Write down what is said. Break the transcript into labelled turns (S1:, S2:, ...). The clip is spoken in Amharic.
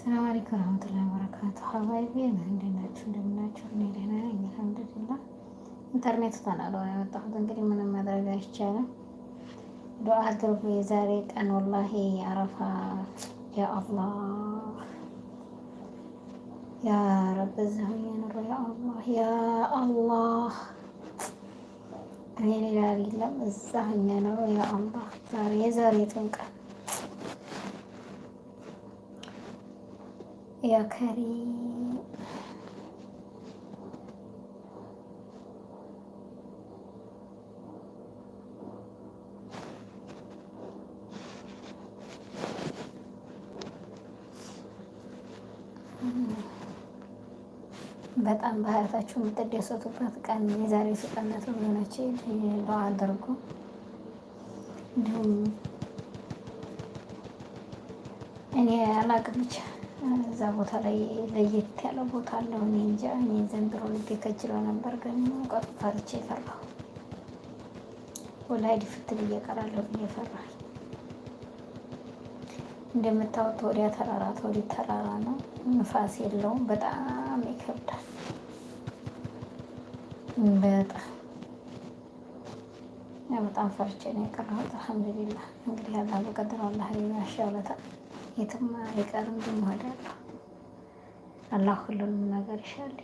S1: ሰላም አለይኩም ወራህመቱላሂ ወበረካቱ። ሀባይቢ እንዴት ናችሁ? እንደምናችሁ? እኔ ደህና ነኝ አልሐምዱሊላህ። ኢንተርኔት ተናግረው ነው የወጣሁት። እንግዲህ ምንም ማድረግ አይቻልም። ዱዓ አድርጉ። የዛሬ ቀን ወላሂ አረፋ። ያ አላህ ያ ረብ ዘሁን ያ አላህ ያ አላህ እኔ ሌላ የለም እዛ ሆኜ ነው ያ አላህ ዛሬ የዛሬ ቀን ያ ከሪም በጣም በሀያታችሁ የምትደሰቱበት ቀን የዛሬ ስጠነት ወገኖቼ ለው አድርጉ። እንዲሁም እኔ አላቅም ብቻ እዛ ቦታ ላይ ለየት ያለ ቦታ አለው። እኔ እንጃ እኔ ዘንድሮ ልቤ ከጅለው ነበር፣ ግን ቀጡ ታርቼ የፈራሁ ወላይ ድፍትል እየቀራለሁ እየፈራ እንደምታወት ወዲያ ተራራ ተወዲ ተራራ ነው። ንፋስ የለውም። በጣም ይከብዳል። በጣም በጣም ፈርቼ ነው የቀረሁት። አልሐምዱሊላህ እንግዲህ አላህ በቀደረው አላህ ሊያሻውለታል የትም አይቀርም። ዝም ሆዳለሁ። አላህ ሁሉንም ነገር ይሻል።